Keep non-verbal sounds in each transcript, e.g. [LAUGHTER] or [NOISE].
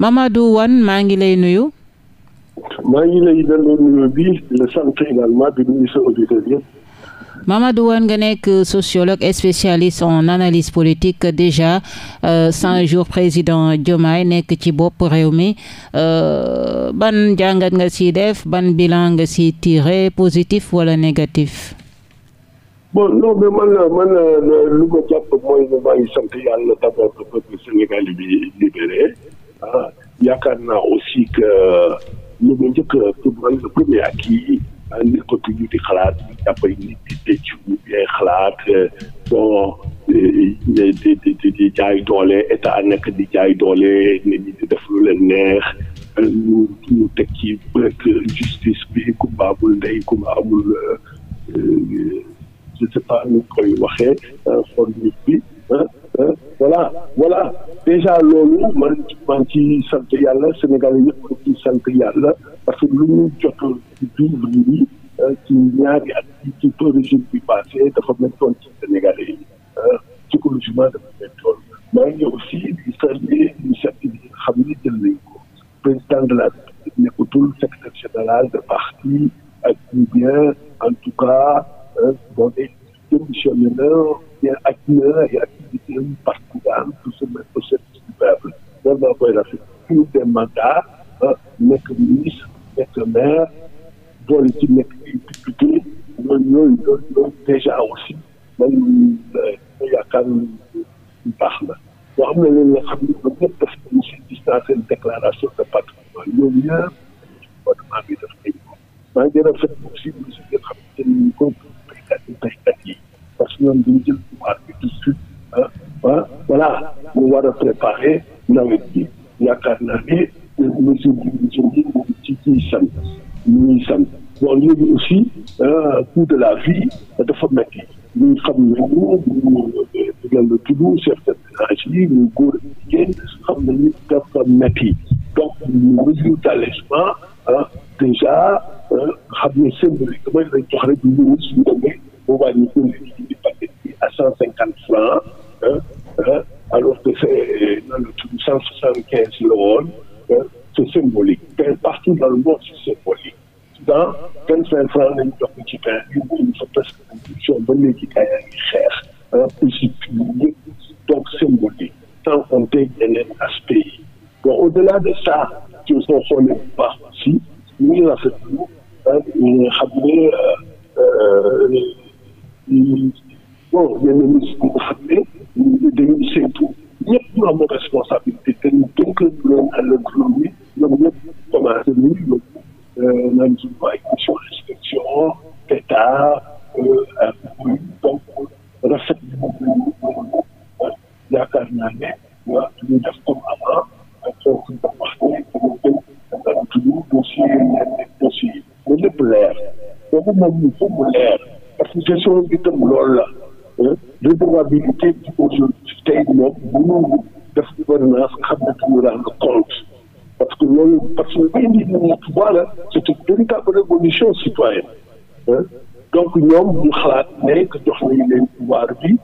Mamadou Wane maa ngi lay nuyu. maa ngi lay nuyu bi le sant également di nuyu sa auditeurs Mamadou Wane nga nekk sociologue et spécialiste en analyse politique déjà euh, cent jours président Diomaye nekk ci bopp réew mi euh, ban jàngat nga si def ban bilan nga si tiré positif wala négatif. bon non mais man man euh, lu ma jàpp mooy maa ngi sant yàlla d'abord peuple sénégalais bi ah yaakaar naa aussi que ñu euh, ngi njëkk a le premier ak yi nekkatuñu di xalaat di jàppay nit euh, euh, di di di jaay doole état nekk di jaay doole nit ñi di def leen neex ñu ñu teg ci peut justice bi kumba amul ndey kumba amul je ne pas nu koy waxee forme bi. voilà voilà déjà loolu man man ci sant yàlla Sénégal yëpp ci parce que lu ñu jot ci vivre yi euh, ci ñaari at ci régime bi passé dafa mettoon ci Sénégalais yi euh, psychologiquement dafa mettoon maa aussi di saluer initiative yi nga xam ne président de la République nekkatul secrétaire général de parti ak en tout cas euh, bon démissionné na bien ak un partisan tout ce même au service du peuple loolu maa koy rafet pour des mandats nekk ministre nekk maire doole ci nekk député loolu yooyu loolu loolu déjà aussi man euh, yaakaar lu baax la boo xam ne loolu nga xam ne ñoom ñëpp daf ñu si gis naa seen déclaration de patrimoine yooyu yëpp gouvernement bi daf koy ko maa ngi rafet aussi aussi nga xam ne jël nañu ko béykat yi béykat yi parce que ñoom dañu jël pouvoir bi war a préparer nawet bi yaakaar naa ne mesure division bi moom ci ciy sant ñuy sant bon léegi aussi euh, coût de la vie dafa métti ñuy xam nañu yàlla tudd certains ménages yi ñuy góor ak jigéen xam nañu dafa métti donc mesure d'allègement déjà euh, xam ne symboliquement lañ jox rek ñu ñu demee bu wàññi ko léegi di paquet bi à cent cinquante francs franc lañ jox ci pain yóbbuñu fa parce que production ba léegi gars yaa symbolique tant on teg yeneen aspect yi bon au delà de ça ci soo xoolee bu baax aussi ñu ngi rafetlu ñu euh, euh, nga xam ne bon yenn ministre bu xam ne dañuy séntu ñëpp ñu amoon responsabilité te ñu dënk leen à l'économie ñoom ñëpp commencé nañu yóbbu naan suñu waay ñaanee waaw ñu def comme avant ak kooku ñu wax ko dama jël dama tudd dossier yi ñaanee dossier yi. ba lépp leer boobu moom il faut mu leer parce que gestion bi tam loolu la redevabilité bi aujourd'hui tey parce que loolu parce que li indi nañu pouvoir la c'est une révolution citoyenne donc ñoom ñu xalaat ne jox nañu leen pouvoir bi.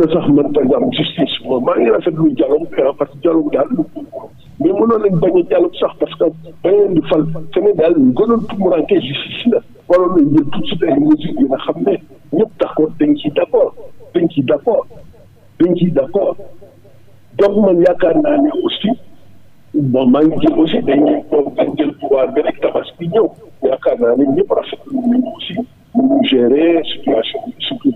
na sax man par exemple justice moom maa ngi rafetlu dialogue ah, parce que dialogue daal mais mënoon nañ bañ a dialogue sax parce que beneen di fal Sénégal ñu gënoon tumurànke justice na waroon nañ jël tout de suite ay mesures yi nga xam ne ñëpp d'accord dañ ciy d'accord dañ ciy d'accord dañ ciy d'accord donc man yaakaar naa ne aussi bon maa ngi jël aussi dañuy toog dañ jël pouvoir bi rek tabas bi ñëw yaakaar naa ne ñëpp rafetlu nañu aussi ñu gérer situation surtout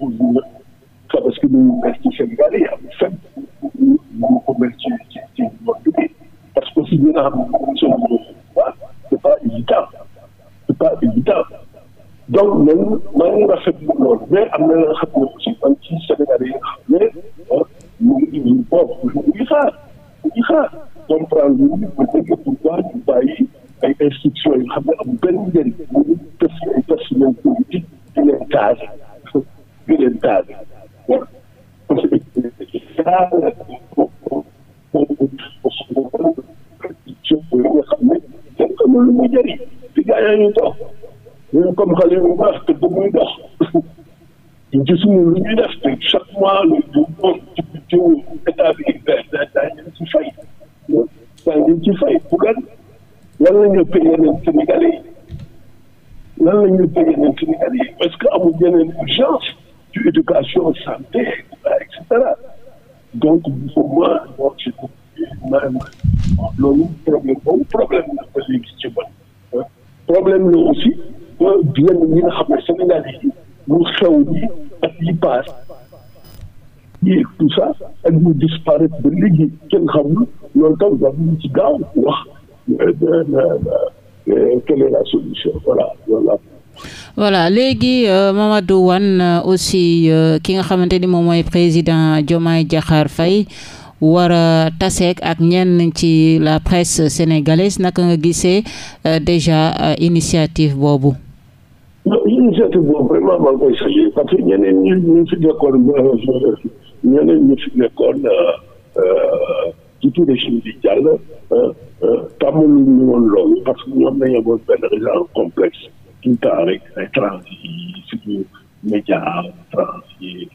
parce que lu mu mel ci Sénégal yi amul fenn lu mu ko mel ci ci ci monde bi parce que aussi dina xam solution c'est pas évident c'est pas évident donc loolu maa ngi rafetlu loolu mais am na te bëgguñ dox gisuñu lu ñuy def te chaque mois lu lu doon jiw état bi bees da daa ngeen ci fay daa ngeen ci fay bu gan lan la ñu payé leen Sénégalais yi lan la ñu payé leen Sénégalais yi parce que amul yeneen urgence ci éducation santé et cetera donc pour moi donc je loolu problème boobu problème la ba léegi ci man problème la aussi ba yenn léegi kenn xamul loolu aussi euh, ki nga xamante ni moom mooy président Diomaye Diakhar Faye war a taseek ak ñenn ci la presse sénégalaise naka nga gisee euh, déjà euh, initiative boobu. initiative boobu parce que ñeneen ñu ñu fi nekkoon euh, ñeneen ñu fi nekkoon surtout régime bi ñu woon loolu parce que ñoom dañoo amoon benn genre complexe tout le rek ay trans média trans yi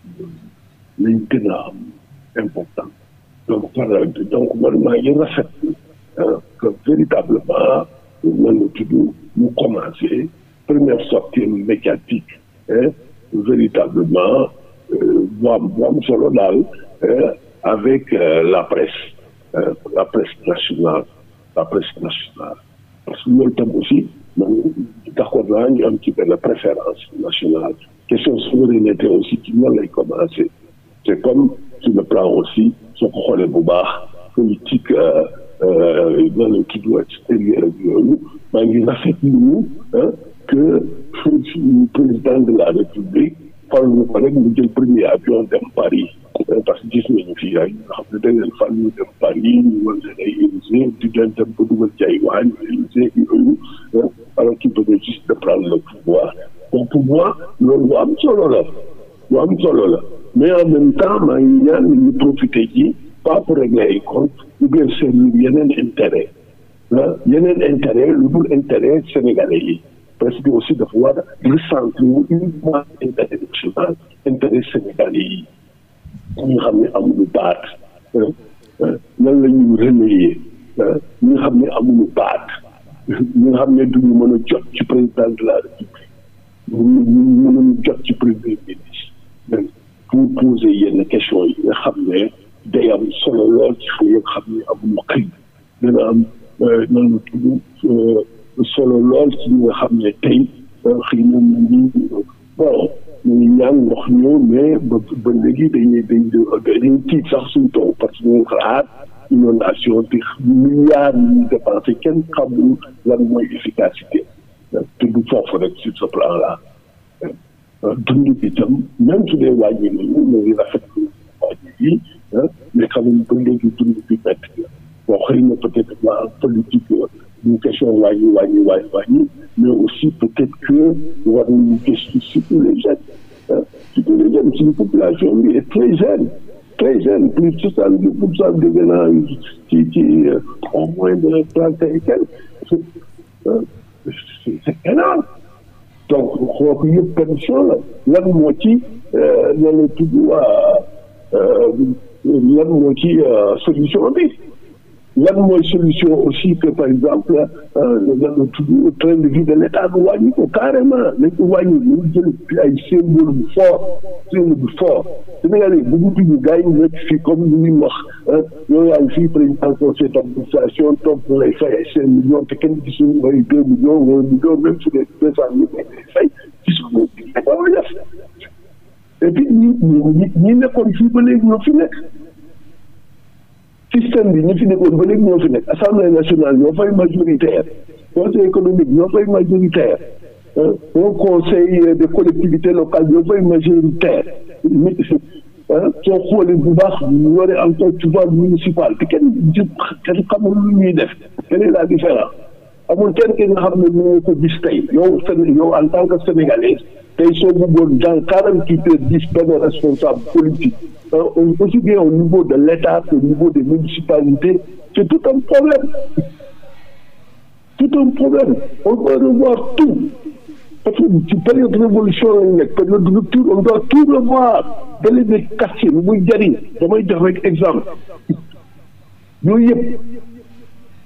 lañ am donc voilà donc man maa ngi rafet que véritablement première sortie médiatique véritablement bu am bu am solo daal avec euh, la presse la presse nationale la presse nationale parce que loolu tam aussi man d'accord naa ñu am ci benn préférence nationale question souveraineté aussi ci noonu lay commencé c'est comme sur soo ko xoolee bu baax politique maanaam ki du extérieur ak yooyu maa ngi rafetlu que président de la république fal ñu ko rek mu jël premier avion dem Paris parce que gis nañu fii ay nga xam ne dañ leen fal ñu dem Paris ñu wan leen ay Élysée di leen dem ba dugal ci ay waañ Élysée yooyu alors qu'il venait juste de prendre le pouvoir donc pour moi loolu lu am solo la lu solo la mais en même temps maa ngi ñaan ni ñu profité ji pas pour régler ay compte ou bien servir yeneen intérêt ah yeneen intérêt lu dul intérêt sénégalais yi parce aussi dafa war a recentrer wu uniquement intérêt national intérêt sénégalais yi ñi ni xam ne amuñu baat ah, ah, nan la ñuy relayer ah, ñi nga xam ne amuñu baat ñi nga xam ne duñu mën a jot ci président de la république ñu mënuñu jot ci premier ministre ñu poser yenn question yi nga xam ne day am solo lool ci fu yoo xam ne amuñu xëy dana am nanu tudd solo lool ci ñi xam ne tey xëy na ñu bon ñu ñaan ndox ñëw mais ba ba léegi dañuy dañuy tiit sax su taw parce que ñu xalaat inondation te milliards yi dépensé kenn xamul lan mooy efficacité tudd foofu rek sur ce plan là dund bi tam même su dee wàññi nañu ñu ngi rafetlu wàññi yi ah, mais quand même ba léegi dund bi métti la bon xëy na peut-être waa politique une question wàññi wàññi wàññi wàññi mais aussi peut-être que war nañu gëstu surtout les jeunes ah, surtout les jeunes suñu population bi est sa jeune très jeune plus de soixante dix pour cent de gànnaaw ci ci euh, au moins de trente et quelques ah, c'est énorme donc kooku yëpp permission la lan moo ci lan euh, la tudd euh, lan moo ci euh, solution bi lan mooy solution aussi que par exemple euh, train de vie de l'État du wàññi ko carrément nañ ko wàññi ñu jël ay symbole bu fort symbole bu fort Sénégal yi bëgguñu gars yi nekk fii comme ni ñuy wax yow yaa ngi fii président conseil d'administration topp lay fay ay cinq millions te kenn gisuñu ay deux millions wala millions même su dee deux cent mille lay fay gisuñu ko et puis ñi ñi nekkoon fii ba fi nekk système bi ñu fi nekkoon ba léegi moo fi nekk assemblée nationale ñoo fay majoritaire conseil économique ñoo fay majoritaire euh, au conseil des collectivités locales ñoo fay majoritaire soo xoolee bu baax ñu en encore pouvoir municipal te kenn kenn xamul lu ñuy def quelle est la différence amul kenn ki nga xam ne mën nga ko gis tey yow yow en tant que sénégalais tey soo bëggoon dans quarante huit heures dix benn responsable politique aussi euh, bien au niveau de l'État qu'au niveau des municipalités. C'est tout un problème. Tout un problème. On doit revoir tout. Parce que ci période révolution lañ nekk période rupture on doit tout revoir ba leen di kàcce lu muy jariñ damay jox rek exemple yooyu yëpp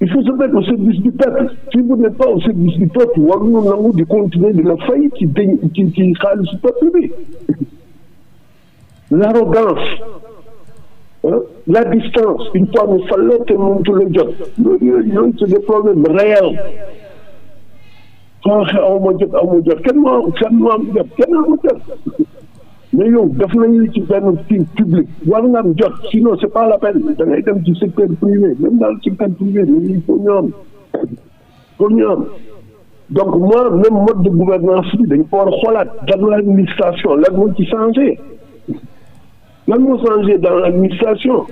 il faut se mettre au service du peuple si vous n'êtes pas au service du peuple war ñu nangu di continuer di la fay ci dén ci ci xaalisu peuple bi l'arrogance la distance une fois mu fàlle te mëntu la jot loolu yooyu yooyu c'est des problèmes réels xanaa xaw ma aw ma jot kenn mu am kenn mu am jot kenn mu jot mais yow def nañu ci benn kii public war nga am jot sinon c'est pas la peine da ngay dem ci secteur privé même dans le privé mais il faut ñu am faut ñu am donc moi de gouvernance bi dañ ko war a xoolaat dans l'administration lan moo ci changé. nan moo changé dans l'administration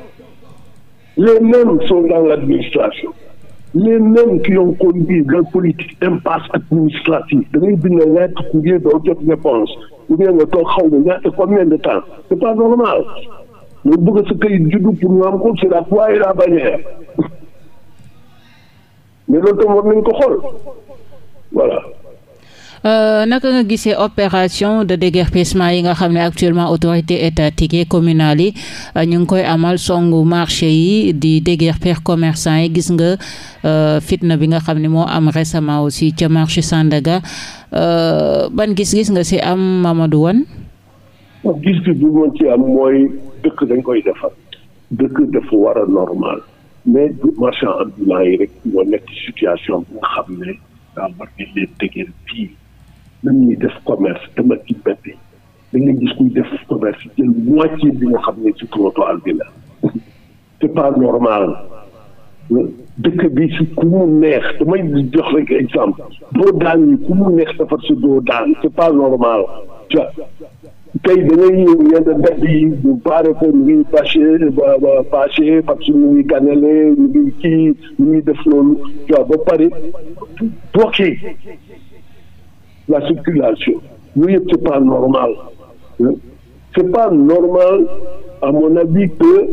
les mêmes sont dans l'administration les mêmes qui ont conduit la politique impasse administrative da ngay bind lettre courrier doo jot réponse ou bien nga toog xaw ma te combien de temps c'est pas normal loolu bëgg sa kayit juddu pour nga am ko c'est la croix et la bannière [LAUGHS] mais loolu tam war nañ ko xool Euh, naka nga gisee opération de déguerpissement yi nga xam ne actuellement autorité étatique yi communale yi euh, ñu ngi koy amal songu marché yi di déguerpir commerçant yi gis nga euh, fitna bi nga xam ne moo am récemment aussi ca marché Sandaga ban gis-gis nga si am Mamadou Wane mooy dëkk dañ koy defar dëkk dafa war normal mais marchand ambulant yi rek ñoo nekk situation bi nga xam ne daa war di leen dëgër même ñuy def commerce demal ci mbedd yi da ngay gis kuy def commerce jël moitié bi nga xam ne ci trottoir bi la c'est pas normal dëkk bi si ku mu neex damay jox rek exemple doo daan yi ku mu neex defar si doo daan c'est pas normal tey da ngay ñëw yenn mbedd yi ñu baare ko ñu ngi bâché bâché parce que ñu ngi ganale ñu ngi kii ñu ngi def loolu waaw ba pare bokki la circulation yooyu yëpp c'est pas normal c'est pas normal à mon avis que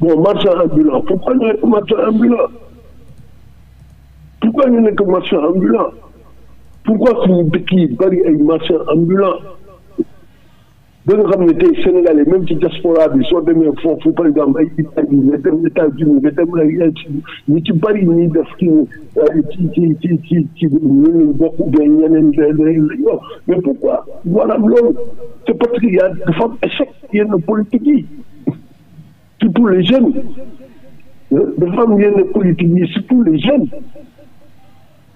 bon marchand ambulant pourquoi ñu nekk marchand ambulant pourquoi ñu nekk marchand ambulant pourquoi suñu dëkk yi bari ay marchand ambulant ba nga xam ne tey Sénégalais même ci diaspora bi soo demee foofu par exemple ay Italie nga dem États-Unis nga dem ay ay ñu ci bari ñuy def ci euh, ci ci ci ci ñu ñu bokk oubien ñeneen ñeneen lañ wax mais pourquoi maanaam loolu c'est parce que y a dafa am échec yenn politique yi surtout les jeunes dafa am yenn politique yi surtout les jeunes.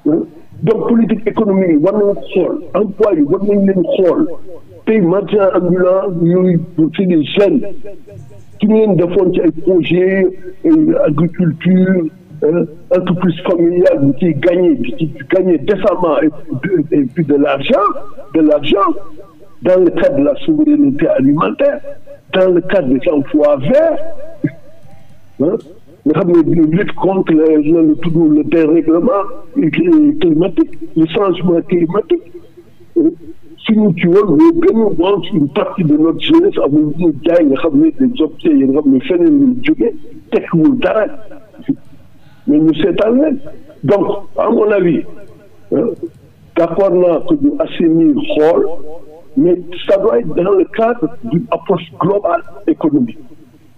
Euh, donc politique économique yi war nañu xool emploi yi war nañu leen xool tey marchand ambulant yooyu c'est des jeunes ci ñu leen defoon ci ay projet agriculture euh, entreprise familiale bi ciy gagné bi ci gagné décemment et puis de l'argent de l'argent dans le cadre de la souveraineté alimentaire dans le cadre des emplois verts nga xam ne lutte contre le le le dérèglement euh, climatique le changement climatique suñu ci woon mais gën a wànq une partie de notre jeunesse amul ñu nga xam ne des se yi nga xam ne feneen ñu jóge tekkiwul dara mais ñu seetaan leen donc à mon avis d'accord naa que ñu assainir xool mais ça doit être dans le cadre d'une approche globale économique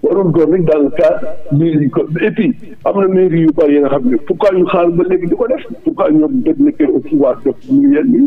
warul doon rek dans le cadre mairie ko et puis am na mairie yu bari yi nga xam ne pourquoi ñu xaar ba léegi di ko def pourquoi ñoom dégg na au pouvoir def ñu yenn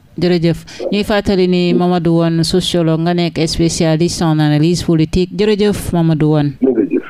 jërëjëf ñuy fàttali ni Mamadou Wane sociologue nga nekk spécialiste en analyse politique jërëjëf Mamadou Wane